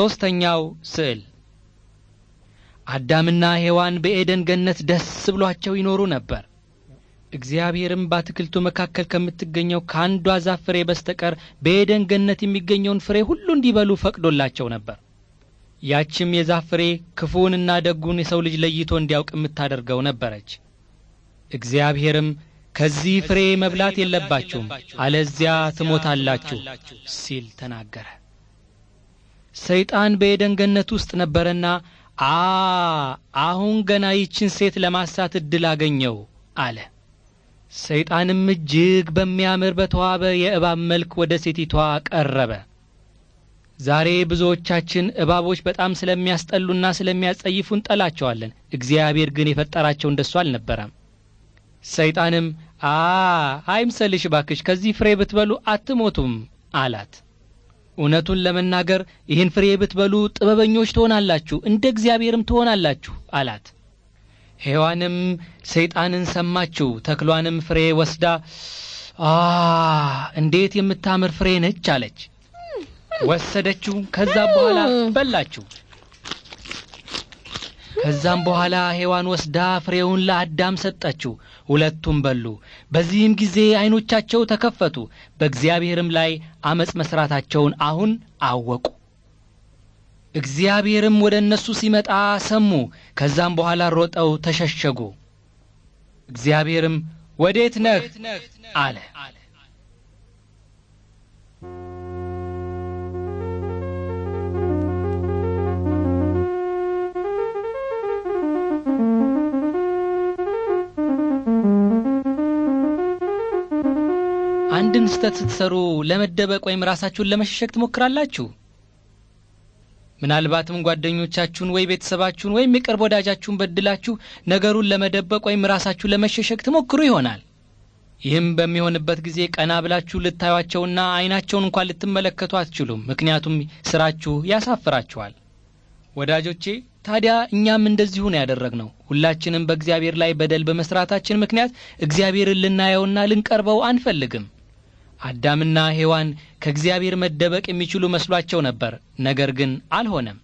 ሦስተኛው ስዕል አዳምና ሔዋን በኤደን ገነት ደስ ብሏቸው ይኖሩ ነበር። እግዚአብሔርም በአትክልቱ መካከል ከምትገኘው ከአንዷ ዛፍ ፍሬ በስተቀር በኤደን ገነት የሚገኘውን ፍሬ ሁሉ እንዲበሉ ፈቅዶላቸው ነበር። ያችም የዛፍ ፍሬ ክፉውንና ደጉን የሰው ልጅ ለይቶ እንዲያውቅ የምታደርገው ነበረች። እግዚአብሔርም ከዚህ ፍሬ መብላት የለባችሁም፣ አለዚያ ትሞታላችሁ ሲል ተናገረ። ሰይጣን በኤደን ገነት ውስጥ ነበረና አ አሁን ገና ይችን ሴት ለማሳት እድል አገኘው አለ። ሰይጣንም እጅግ በሚያምር በተዋበ የእባብ መልክ ወደ ሴቲቷ ቀረበ። ዛሬ ብዙዎቻችን እባቦች በጣም ስለሚያስጠሉና ስለሚያጸይፉ እንጠላቸዋለን። እግዚአብሔር ግን የፈጠራቸው እንደሱ አልነበረም። ሰይጣንም አ አይምሰልሽ ባክሽ፣ ከዚህ ፍሬ ብትበሉ አትሞቱም አላት። እውነቱን ለመናገር ይህን ፍሬ ብትበሉ ጥበበኞች ትሆናላችሁ፣ እንደ እግዚአብሔርም ትሆናላችሁ አላት። ሔዋንም ሰይጣንን ሰማችው። ተክሏንም ፍሬ ወስዳ አ እንዴት የምታምር ፍሬ ነች አለች። ወሰደችው። ከዛ በኋላ በላችሁ። ከዛም በኋላ ሔዋን ወስዳ ፍሬውን ለአዳም ሰጠችው፣ ሁለቱም በሉ። በዚህም ጊዜ ዐይኖቻቸው ተከፈቱ፣ በእግዚአብሔርም ላይ ዐመፅ መሥራታቸውን አሁን አወቁ። እግዚአብሔርም ወደ እነሱ ሲመጣ ሰሙ። ከዛም በኋላ ሮጠው ተሸሸጉ። እግዚአብሔርም ወዴት ነህ አለ። አንድን ስህተት ስትሰሩ ለመደበቅ ወይም ራሳችሁን ለመሸሸግ ትሞክራላችሁ። ምናልባትም ጓደኞቻችሁን ወይ ቤተሰባችሁን ወይም የቅርብ ወዳጃችሁን በድላችሁ ነገሩን ለመደበቅ ወይም ራሳችሁን ለመሸሸግ ትሞክሩ ይሆናል። ይህም በሚሆንበት ጊዜ ቀና ብላችሁ ልታዩቸውና አይናቸውን እንኳን ልትመለከቱ አትችሉም፣ ምክንያቱም ስራችሁ ያሳፍራችኋል። ወዳጆቼ ታዲያ እኛም እንደዚሁ ነው ያደረግነው። ሁላችንም በእግዚአብሔር ላይ በደል በመስራታችን ምክንያት እግዚአብሔርን ልናየውና ልንቀርበው አንፈልግም። አዳምና ሔዋን ከእግዚአብሔር መደበቅ የሚችሉ መስሏቸው ነበር። ነገር ግን አልሆነም።